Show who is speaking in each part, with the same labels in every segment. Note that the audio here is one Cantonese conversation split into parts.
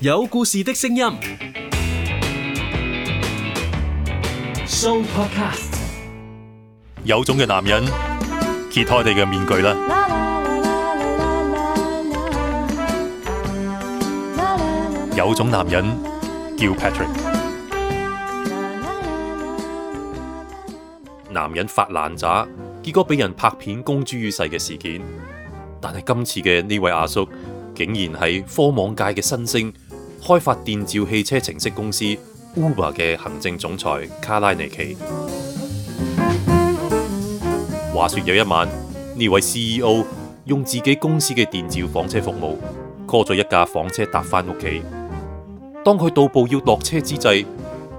Speaker 1: 有故事的聲音，Show Podcast。有種嘅男人揭開你嘅面具啦！有種男人叫 Patrick。男人發爛渣，結果俾人拍片公諸於世嘅事件，但係今次嘅呢位阿叔，竟然係科網界嘅新星。開發電召汽車程式公司 Uber 嘅行政總裁卡拉尼奇，話說有一晚，呢位 CEO 用自己公司嘅電召房車服務，call 咗一架房車搭翻屋企。當佢到步要落車之際，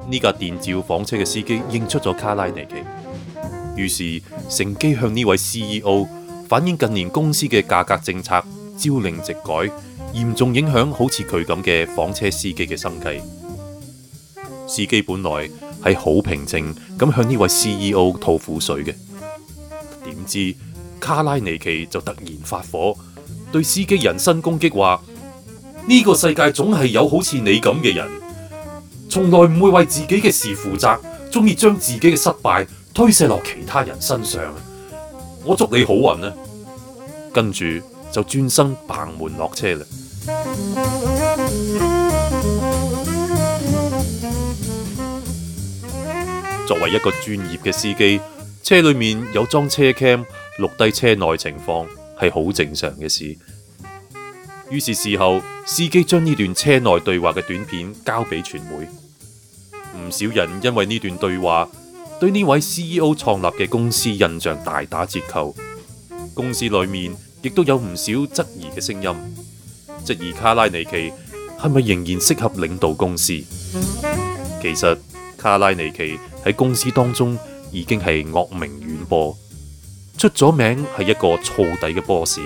Speaker 1: 呢架電召房車嘅司機認出咗卡拉尼奇，於是乘機向呢位 CEO 反映近年公司嘅價格政策。朝令夕改，嚴重影響好似佢咁嘅房車司機嘅生計。司機本來係好平靜咁向呢位 CEO 吐苦水嘅，點知卡拉尼奇就突然發火，對司機人身攻擊，話呢個世界總係有好似你咁嘅人，從來唔會為自己嘅事負責，中意將自己嘅失敗推卸落其他人身上。我祝你好運啦，啊！跟住。就轉身砰門落車啦。作為一個專業嘅司機，車裏面有裝車 cam 錄低車內情況係好正常嘅事。於是事後，司機將呢段車內對話嘅短片交俾傳媒。唔少人因為呢段對話，對呢位 CEO 創立嘅公司印象大打折扣。公司裏面，亦都有唔少質疑嘅聲音，質疑卡拉尼奇係咪仍然適合領導公司？其實卡拉尼奇喺公司當中已經係惡名遠播，出咗名係一個燥底嘅 boss，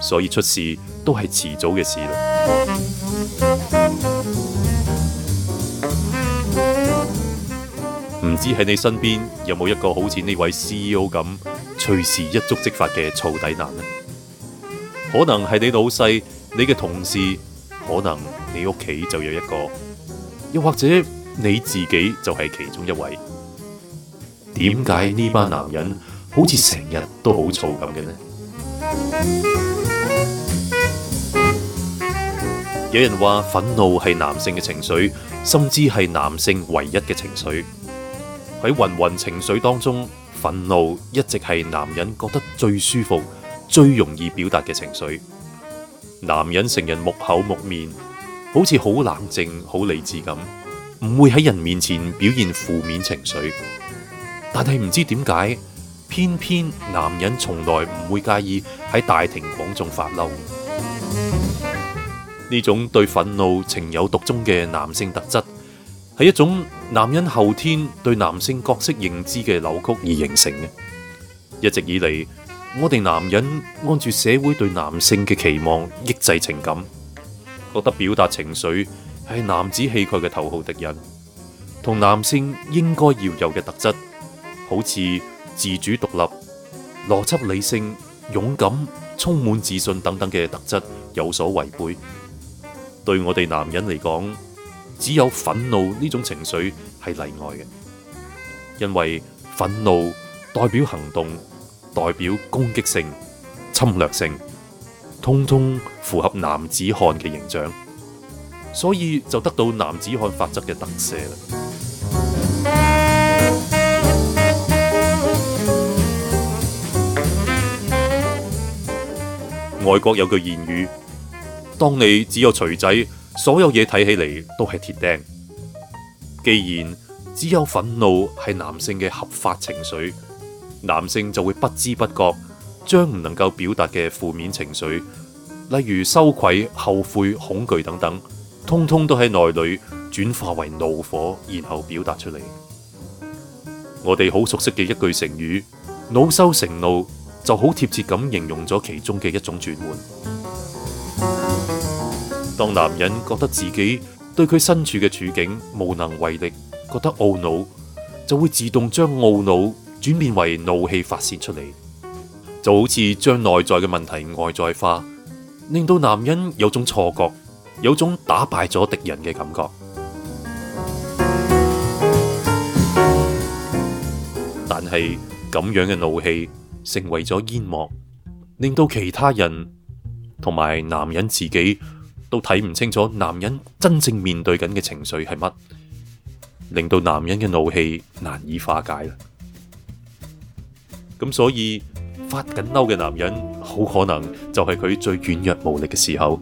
Speaker 1: 所以出事都係遲早嘅事啦。唔知喺你身邊有冇一個好似呢位 CEO 咁隨時一觸即發嘅燥底男呢？可能係你老細、你嘅同事，可能你屋企就有一個，又或者你自己就係其中一位。點解呢班男人好似成日都好躁咁嘅呢？ 有人話憤怒係男性嘅情緒，甚至係男性唯一嘅情緒。喺芸芸情緒當中，憤怒一直係男人覺得最舒服，最容易表達嘅情緒，男人成日木口木面，好似好冷靜、好理智咁，唔會喺人面前表現負面情緒。但係唔知點解，偏偏男人從來唔會介意喺大庭廣眾發嬲。呢種對憤怒情有獨鍾嘅男性特質，係一種男人後天對男性角色認知嘅扭曲而形成嘅。一直以嚟。我哋男人按住社會對男性嘅期望抑制情感，覺得表達情緒係男子氣概嘅頭號敵人，同男性應該要有嘅特質，好似自主獨立、邏輯理性、勇敢、充滿自信等等嘅特質有所違背。對我哋男人嚟講，只有憤怒呢種情緒係例外嘅，因為憤怒代表行動。代表攻擊性、侵略性，通通符合男子漢嘅形象，所以就得到男子漢法則嘅特赦啦。外國有句諺語：當你只有錘仔，所有嘢睇起嚟都係鐵釘。既然只有憤怒係男性嘅合法情緒。男性就會不知不覺將唔能夠表達嘅負面情緒，例如羞愧、後悔、恐懼等等，通通都喺內裏轉化為怒火，然後表達出嚟。我哋好熟悉嘅一句成語「惱羞成怒」就好貼切咁形容咗其中嘅一種轉換。當男人覺得自己對佢身處嘅處境無能為力，覺得懊惱，就會自動將懊惱轉變為怒氣發洩出嚟，就好似將內在嘅問題外在化，令到男人有種錯覺，有種打敗咗敵人嘅感覺。但係咁樣嘅怒氣成為咗煙幕，令到其他人同埋男人自己都睇唔清楚男人真正面對緊嘅情緒係乜，令到男人嘅怒氣難以化解啦。咁所以發緊嬲嘅男人，好可能就係佢最軟弱無力嘅時候。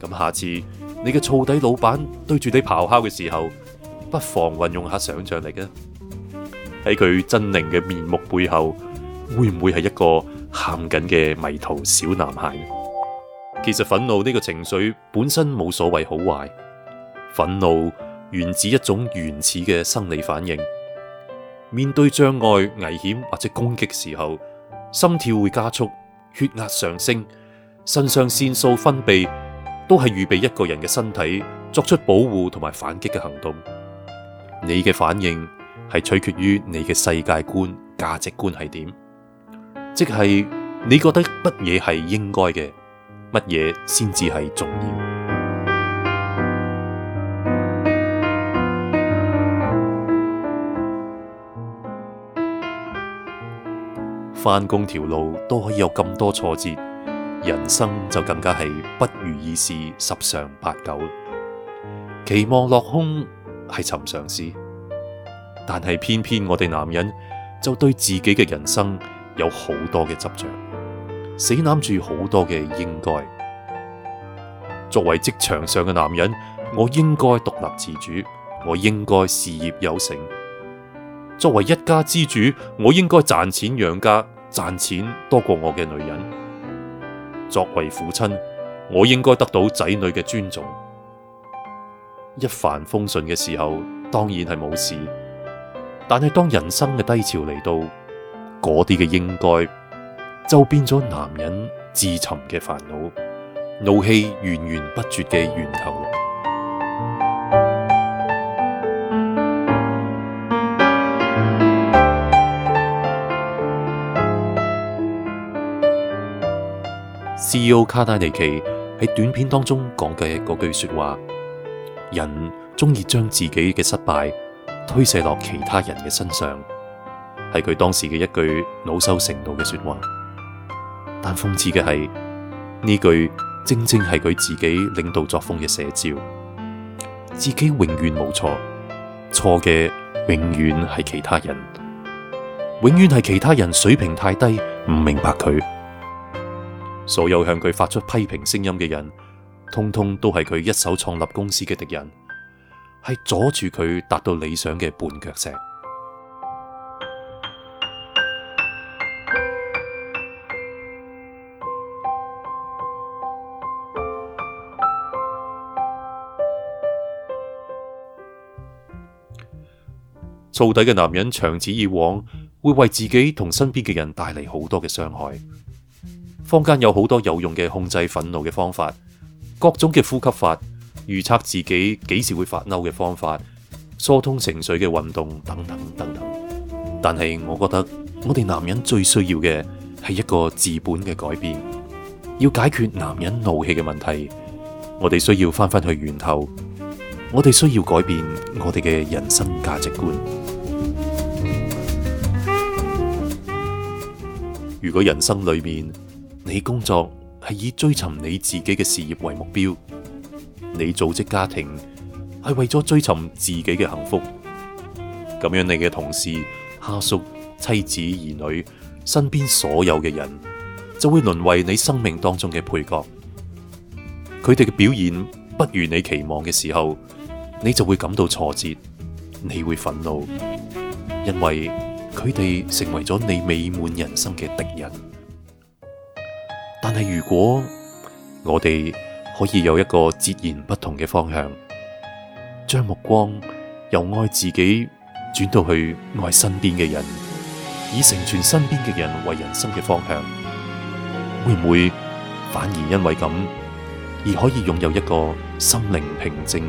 Speaker 1: 咁下次你嘅燥底老闆對住你咆哮嘅時候，不妨運用下想象力啊！喺佢猙獰嘅面目背後，
Speaker 2: 會唔
Speaker 1: 會係一個喊緊嘅迷途小男孩呢？其實憤怒呢個情緒本身冇所謂好壞，憤怒源自一種原始嘅生理反應。面對障礙、危險或者攻擊嘅時候，心跳會加速，血壓上升，腎上腺素分泌都係預備一個人嘅身體作出保護同埋反擊嘅行動。你嘅反應係取決於你嘅世界觀、價值觀係點，即係你覺得乜嘢係應該嘅，乜嘢先至係重要。翻工條路都可以有咁多挫折，人生就更加係不如意事十常八九。期望落空係尋常事，但係偏偏我哋男人就對自己嘅人生有好多嘅執着，死攬住好多嘅應該。作為職場上嘅男人，我應該獨立自主，我應該事業有成。作為一家之主，我應該賺錢養家。賺錢多過我嘅女人，作為父親，我應該得到仔女嘅尊重。一帆風順嘅時候，當然係冇事，但係當人生嘅低潮嚟到，嗰啲嘅應該就變咗男人自尋嘅煩惱，怒氣源源不絕嘅源頭。C.E.O. 卡戴尼奇喺短片當中講嘅嗰句說話：人鍾意將自己嘅失敗推卸落其他人嘅身上，係佢當時嘅一句惱羞成怒嘅說話。但諷刺嘅係，呢句正正係佢自己領導作風嘅寫照。自己永遠冇錯，錯嘅永遠係其他人，永遠係其他人水平太低，唔明白佢。所有向佢發出批評聲音嘅人，通通都係佢一手創立公司嘅敵人，係阻住佢達到理想嘅絆腳石。躁底嘅男人長此以往，會為自己同身邊嘅人帶嚟好多嘅傷害。坊間有好多有用嘅控制憤怒嘅方法，各種嘅呼吸法、預測自己幾時會發嬲嘅方法、疏通情緒嘅運動等等等等。但係我覺得我哋男人最需要嘅係一個治本嘅改變。要解決男人怒氣嘅問題，我哋需要翻翻去源頭，我哋需要改變我哋嘅人生價值觀。如果人生裏面，你工作係以追尋你自己嘅事業為目標，你組織家庭係為咗追尋自己嘅幸福。咁樣，你嘅同事、下屬、妻子、兒女，身邊所有嘅人，就會淪為你生命當中嘅配角。佢哋嘅表現不如你期望嘅時候，你就會感到挫折，你會憤怒，因為佢哋成為咗你美滿人生嘅敵人。但係如果我哋可以有一個截然不同嘅方向，將目光由愛自己轉到去愛身邊嘅人，以成全身邊嘅人為人生嘅方向，會唔會反而因為咁而可以擁有一個心靈平靜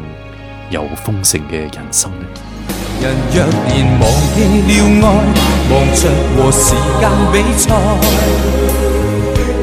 Speaker 1: 又豐盛嘅人生呢？人若然忘記了愛，望着和時間比賽。